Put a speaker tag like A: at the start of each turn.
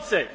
A: przewodniczący!